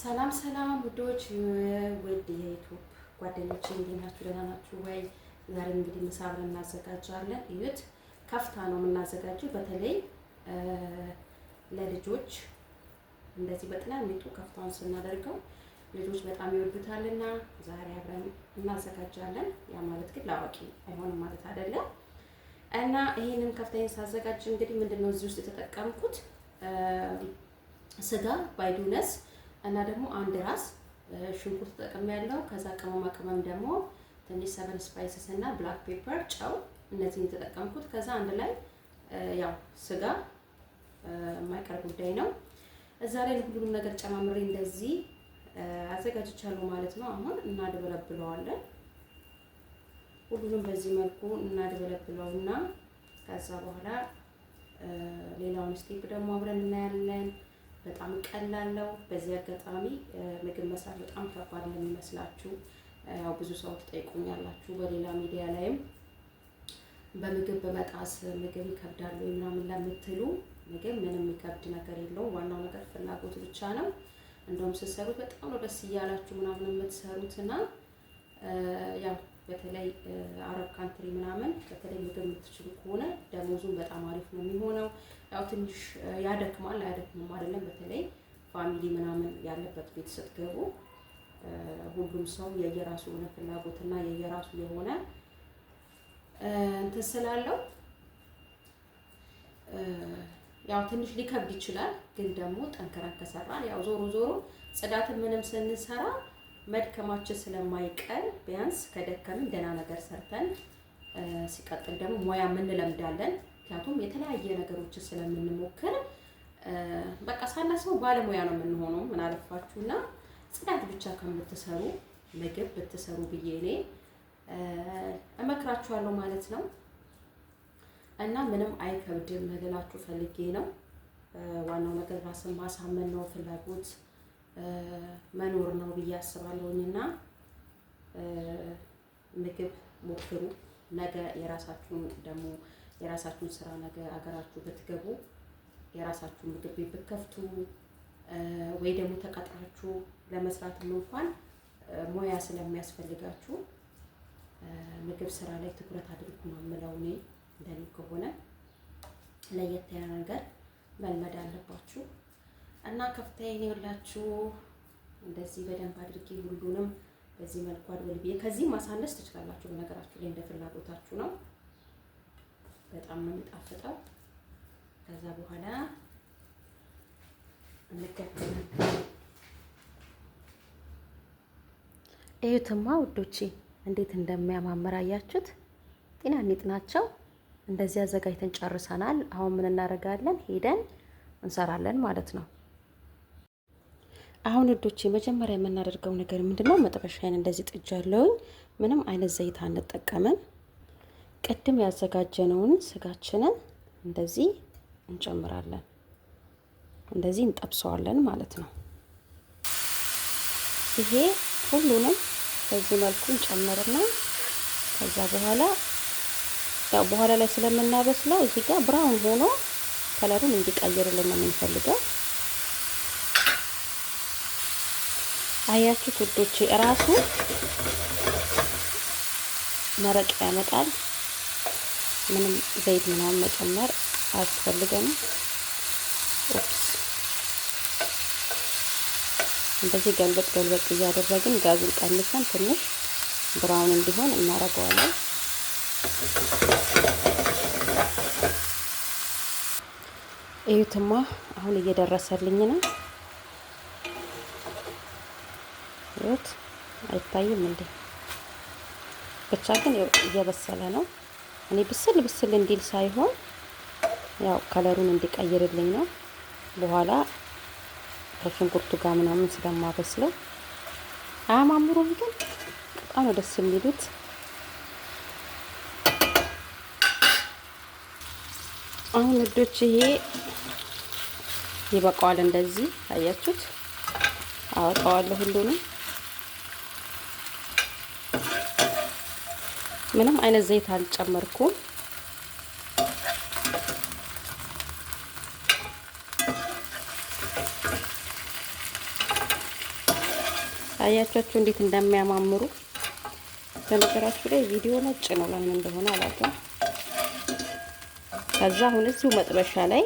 ሰላም ሰላም ውዶች፣ ውድ የዩቱብ ጓደኞች እንዴት ናችሁ? ደህና ናችሁ ወይ? ዛሬ እንግዲህ ምሳ አብረን እናዘጋጃለን። እዩት፣ ከፍታ ነው የምናዘጋጀው። በተለይ ለልጆች እንደዚህ በጥናት ከፍታውን ስናደርገው ልጆች በጣም ይወዱታልና ዛሬ አብረን እናዘጋጃለን። ያ ማለት ግን ለአዋቂ አይሆንም ማለት አይደለም። እና ይህንን ከፍታዬን ሳዘጋጅ እንግዲህ ምንድነው ነው እዚህ ውስጥ የተጠቀምኩት ስጋ ባይዱነስ እና ደግሞ አንድ ራስ ሽንኩርት ጠቅም ያለው ከዛ ቅመማ ቅመም ደግሞ ትንሽ ሰቨን ስፓይስስ እና ብላክ ፔፐር፣ ጨው እነዚህን የተጠቀምኩት። ከዛ አንድ ላይ ያው ስጋ የማይቀር ጉዳይ ነው። እዛ ላይ ሁሉንም ነገር ጨማምሬ እንደዚህ አዘጋጅቻለሁ ማለት ነው። አሁን እናድበለብለዋለን። ሁሉንም በዚህ መልኩ እናድበለብለውና ከዛ በኋላ ሌላውን ስቴፕ ደግሞ አብረን እናያለን። በጣም ቀላል ነው። በዚህ አጋጣሚ ምግብ መስራት በጣም ከባድ ለሚመስላችሁ ያው ብዙ ሰው ትጠይቁኛላችሁ በሌላ ሚዲያ ላይም በምግብ በመጣስ ምግብ ይከብዳሉ ምናምን ለምትሉ ምግብ ምንም የሚከብድ ነገር የለውም። ዋናው ነገር ፍላጎት ብቻ ነው። እንደውም ስትሰሩት በጣም ነው ደስ እያላችሁ ምናምን የምትሰሩትና ያው በተለይ አረብ ካንትሪ ምናምን በተለይ ምግብ የምትችሉ ከሆነ ደሞዙን በጣም አሪፍ ነው የሚሆነው። ያው ትንሽ ያደክማል፣ አያደክምም አይደለም። በተለይ ፋሚሊ ምናምን ያለበት ቤት ስትገቡ ሁሉም ሰው የየራሱ የሆነ ፍላጎትና የየራሱ የሆነ እንትን ስላለው ያው ትንሽ ሊከብድ ይችላል። ግን ደግሞ ጠንክረን ከሰራን ያው ዞሮ ዞሮ ጽዳትን ምንም ስንሰራ መድከማችን ስለማይቀር ቢያንስ ከደከምን ደህና ነገር ሰርተን ሲቀጥል ደግሞ ሙያ እንለምዳለን። ምክንያቱም የተለያየ ነገሮችን ስለምንሞክር በቃ ሳናስበው ባለሙያ ነው የምንሆነው። ምን አለፋችሁና ጽዳት ብቻ ከምትሰሩ ምግብ ብትሰሩ ብዬ እኔ እመክራችኋለሁ ማለት ነው። እና ምንም አይከብድም ልላችሁ ፈልጌ ነው። ዋናው ነገር ራስን ማሳመን ነው ፍላጎት መኖር ነው ብዬ አስባለሁኝ እና ምግብ ሞክሩ። ነገ የራሳችሁን ደግሞ የራሳችሁን ስራ ነገ አገራችሁ ብትገቡ የራሳችሁን ምግብ ቤት ብትከፍቱ ወይ ደግሞ ተቀጥራችሁ ለመስራትም እንኳን ሙያ ስለሚያስፈልጋችሁ ምግብ ስራ ላይ ትኩረት አድርጉ ነው የምለው። እኔ እንደኔ ከሆነ ለየት ያለ ነገር መልመድ አለባችሁ። እና ከፍታዬን ይኸውላችሁ እንደዚህ በደንብ አድርጌ ሁሉንም በዚህ መልኩ አድወልቤ ከዚህ ማሳነስ ትችላላችሁ። በነገራችሁ ላይ እንደ ፍላጎታችሁ ነው። በጣም ነው የሚጣፍጠው። ከዛ በኋላ እንከተናል። እዩትማ ውዶቼ እንዴት እንደሚያማምር አያችሁት? ጤናኒጥ ናቸው። እንደዚህ አዘጋጅተን ጨርሰናል። አሁን ምን እናደርጋለን? ሄደን እንሰራለን ማለት ነው። አሁን እዶቼ መጀመሪያ የምናደርገው ነገር ምንድነው? መጥበሻዬን እንደዚህ ጥጃለሁኝ። ምንም አይነት ዘይት አንጠቀምም። ቅድም ያዘጋጀነውን ስጋችንን እንደዚህ እንጨምራለን። እንደዚህ እንጠብሰዋለን ማለት ነው። ይሄ ሁሉንም በዚህ መልኩ እንጨምርና ከዛ በኋላ ያው በኋላ ላይ ስለምናበስለው እዚህ ጋር ብራውን ሆኖ ከለሩን እንዲቀይርልን ነው የምንፈልገው አያችሁት ውዶቼ እራሱ መረቅ ያመጣል። ምንም ዘይት ምናምን መጨመር አያስፈልገንም። እንደዚህ ገልበጥ ገልበጥ እያደረግን ጋዙን ቀንሰን ትንሽ ብራውን እንዲሆን እናደርገዋለን። እዩትማ አሁን እየደረሰልኝ ነው። እዩት። አይታይም እንዴ? ብቻ ግን እየበሰለ ነው። እኔ ብስል ብስል እንዲል ሳይሆን ያው ከለሩን እንዲቀይርልኝ ነው። በኋላ ከሽንኩርቱ ጋር ምናምን ስለማበስለው አያማምሩም፣ ግን በጣም ነው ደስ የሚሉት። አሁን እዶች ይሄ ይበቃዋል። እንደዚህ አያችሁት? አወጣዋለሁ ሁሉንም ምንም አይነት ዘይት አልጨመርኩም። አያቻችሁ እንዴት እንደሚያማምሩ። በነገራችሁ ላይ ቪዲዮ ነጭ ነው፣ ለምን እንደሆነ አላውቅም። ከዛ አሁን እዚሁ መጥበሻ ላይ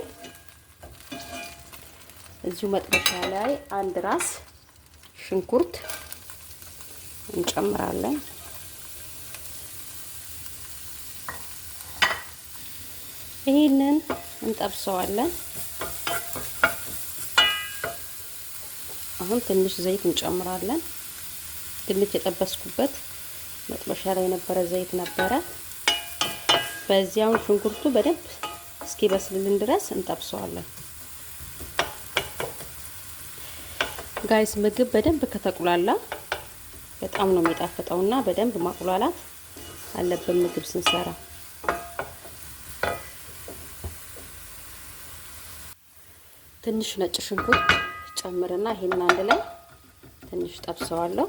እዚሁ መጥበሻ ላይ አንድ ራስ ሽንኩርት እንጨምራለን። ይህንን እንጠብሰዋለን። አሁን ትንሽ ዘይት እንጨምራለን። ድንች የጠበስኩበት መጥበሻ ላይ የነበረ ዘይት ነበረ። በዚያውን ሽንኩርቱ በደንብ እስኪበስልልን ድረስ እንጠብሰዋለን። ጋይስ ምግብ በደንብ ከተቁላላ በጣም ነው የሚጣፍጠውና በደንብ ማቁላላት አለብን ምግብ ስንሰራ ትንሽ ነጭ ሽንኩርት ጨምርና ይሄንን አንድ ላይ ትንሽ ጠብሰዋለሁ።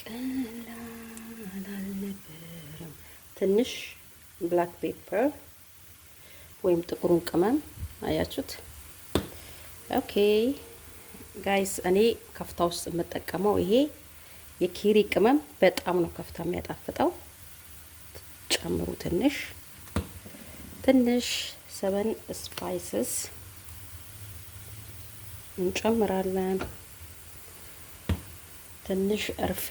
ቀላል አልነበረም። ትንሽ ብላክ ፔፐር ወይም ጥቁሩን ቅመም አያችሁት? ኦኬ ጋይስ፣ እኔ ከፍታ ውስጥ የምጠቀመው ይሄ የኬሪ ቅመም በጣም ነው ከፍታ የሚያጣፍጠው። ጨምሩ ትንሽ ትንሽ ሰበን ስፓይስስ እንጨምራለን። ትንሽ እርፌ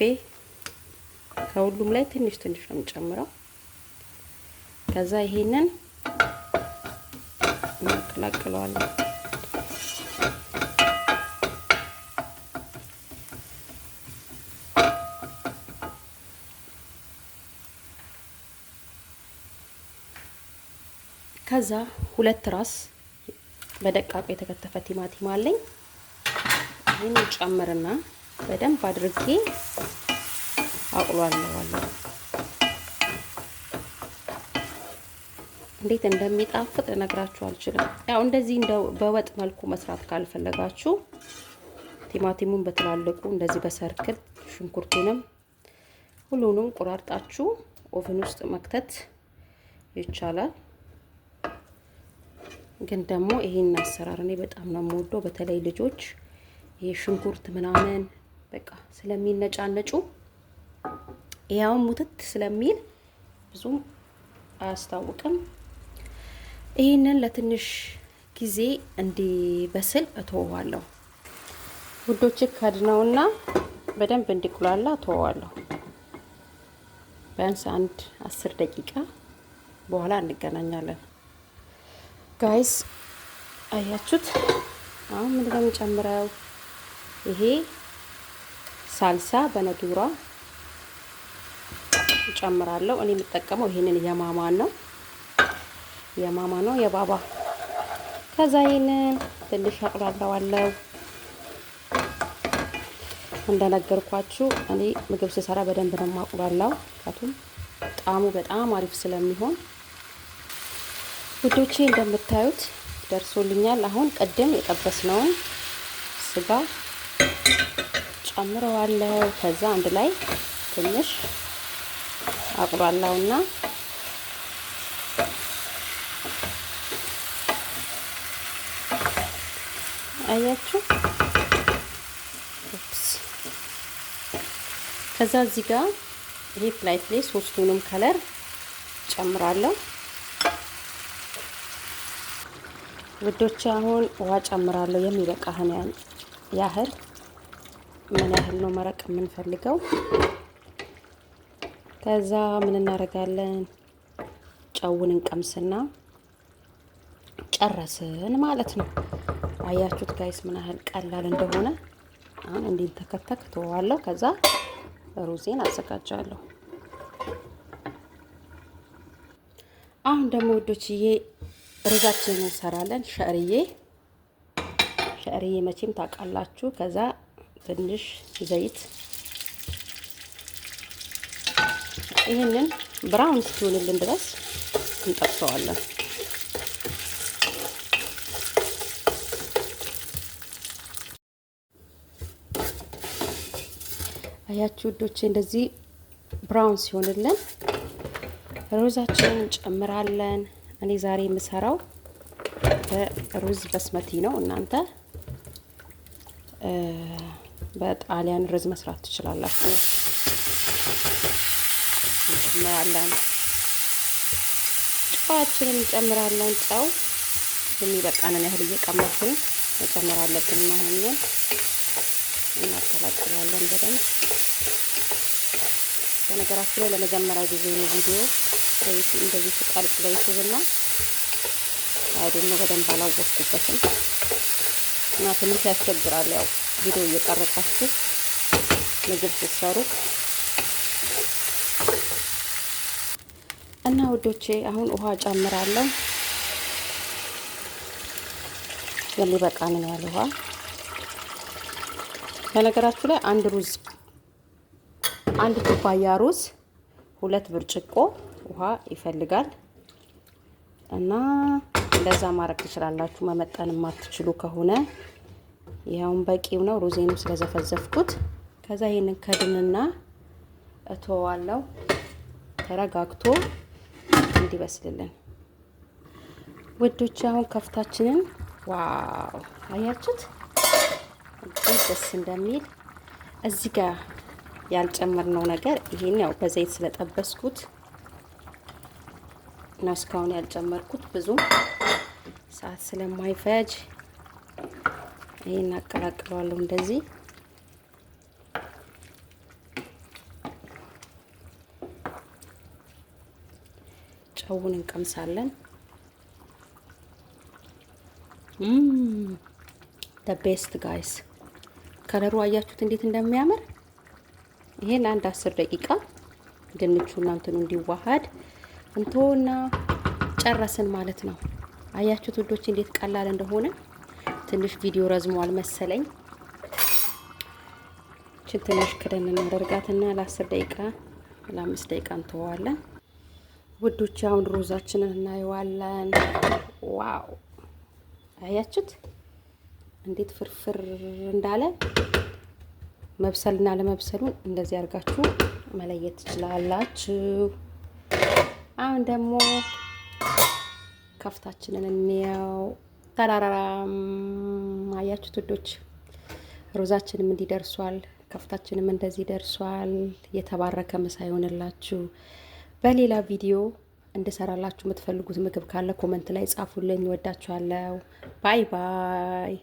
ከሁሉም ላይ ትንሽ ትንሽ ነው የምጨምረው። ከዛ ይሄንን እናቀላቅለዋለን። ከዛ ሁለት ራስ በደቃቁ የተከተፈ ቲማቲም አለኝ። ይህን ጨምርና በደንብ አድርጌ አቁሏለዋለሁ። እንዴት እንደሚጣፍጥ እነግራችሁ አልችልም። ያው እንደዚህ በወጥ መልኩ መስራት ካልፈለጋችሁ ቲማቲሙን በትላልቁ እንደዚህ በሰርክል ሽንኩርቱንም ሁሉንም ቁራርጣችሁ ኦቨን ውስጥ መክተት ይቻላል። ግን ደግሞ ይሄን አሰራር እኔ በጣም ነው የምወደው። በተለይ ልጆች ይሄ ሽንኩርት ምናምን በቃ ስለሚነጫነጩ ያው ሙትት ስለሚል ብዙም አያስታውቅም። ይሄንን ለትንሽ ጊዜ እንዲበስል እተወዋለሁ ውዶች። ከድነውና በደንብ እንዲቁላላ እተወዋለሁ። ቢያንስ አንድ አስር ደቂቃ በኋላ እንገናኛለን። ጋይስ አያችሁት? አሁን ምን ጨምረው ይሄ ሳልሳ በነዱራ ጨምራለሁ። እኔ የምጠቀመው ይሄንን የማማ ነው የማማ ነው የባባ። ከዛ ይሄንን ትንሽ አቁላላዋለሁ። እንደነገርኳችሁ እኔ ምግብ ስሰራ በደንብ ነው የማቁላላው፣ ምክንያቱም ጣዕሙ በጣም አሪፍ ስለሚሆን ውዶቼ እንደምታዩት ደርሶልኛል። አሁን ቀደም የጠበስነውን ስጋ ጨምረዋለሁ። ከዛ አንድ ላይ ትንሽ አቁላላውና አያችሁ። ከዛ እዚህ ጋር ይሄ ፕላይት ላይ ሶስቱንም ከለር ጨምራለሁ። ውዶች አሁን ውሃ ጨምራለሁ። የሚበቃህን ያህል ምን ያህል ነው መረቅ የምንፈልገው። ከዛ ምን እናደርጋለን? ጨውን እንቀምስና ጨረስን ማለት ነው። አያችሁት ጋይስ ምን ያህል ቀላል እንደሆነ። አሁን እንዲንተከተክ ትወዋለሁ። ከዛ ሩዜን አዘጋጃለሁ። አሁን ደግሞ ውዶችዬ ሩዛችንን እንሰራለን። ሸርዬ ሸርዬ መቼም ታውቃላችሁ። ከዛ ትንሽ ዘይት ይህንን ብራውን እስኪሆንልን ድረስ እንጠብሰዋለን። አያችሁ ውዶቼ፣ እንደዚህ ብራውን ሲሆንልን ሩዛችንን እንጨምራለን። እኔ ዛሬ የምሰራው በሩዝ በስመቲ ነው። እናንተ በጣሊያን ሩዝ መስራት ትችላላችሁ። እንጨምራለን፣ ጨዋችንን እንጨምራለን። ጨው የሚበቃንን ያህል እየቀመስን መጨመር አለብን። ይህንን እናቀላቅላለን በደንብ በነገራችን ላይ ለመጀመሪያ ጊዜ ነው ቪዲዮ እንደዚህ ስቀርጽ በዩቱብና አይደል ነው በደንብ አላወቅኩበትም እና ትንሽ ያስቸግራል። ያው ቪዲዮ እየቀረጻችሁ ምግብ ስትሰሩ እና ውዶቼ፣ አሁን ውሃ ጨምራለሁ። የሚበቃን ያህል ውሃ በነገራችሁ ላይ አንድ ሩዝ አንድ ኩባያ ሩዝ፣ ሁለት ብርጭቆ ውሃ ይፈልጋል እና እንደዛ ማድረግ ትችላላችሁ። መመጠን የማትችሉ ከሆነ ይኸውን በቂው ነው። ሩዜንም ስለዘፈዘፍኩት ከዛ ይህንን ከድንና እቶዋለው ተረጋግቶ እንዲበስልልን ውዶች። አሁን ከፍታችንን ዋው አያችሁት እንዴት ደስ እንደሚል እዚህ ጋር ያልጨመርነው ነገር ይሄን ያው በዘይት ስለጠበስኩት ነው እስካሁን ያልጨመርኩት ብዙ ሰዓት ስለማይፈጅ ይሄን አቀላቅለዋለሁ እንደዚህ ጨውን እንቀምሳለን ደ ቤስት ጋይስ ከለሩ አያችሁት እንዴት እንደሚያምር ይሄን አንድ አስር ደቂቃ ድንቹ እንትኑ እንዲዋሃድ እንትሆና ጨረስን ማለት ነው። አያችሁት ውዶች እንዴት ቀላል እንደሆነ። ትንሽ ቪዲዮ ረዝሟል መሰለኝ። እችን ትንሽ ክደን እናደርጋትና ለአስር ደቂቃ ለአምስት ደቂቃ እንተዋለን። ውዶች አሁን ሮዛችንን እናየዋለን። ዋው አያችሁት እንዴት ፍርፍር እንዳለ መብሰልና ለመብሰሉን እንደዚህ አድርጋችሁ መለየት ትችላላችሁ። አሁን ደግሞ ከፍታችንን እንየው። ተራራራም አያችሁ ትዶች ሮዛችንም እንዲህ ደርሷል። ከፍታችንም እንደዚህ ደርሷል። የተባረከ ምሳ ይሆንላችሁ። በሌላ ቪዲዮ እንድሰራላችሁ የምትፈልጉት ምግብ ካለ ኮመንት ላይ ጻፉልኝ። ወዳችኋለሁ። ባይ ባይ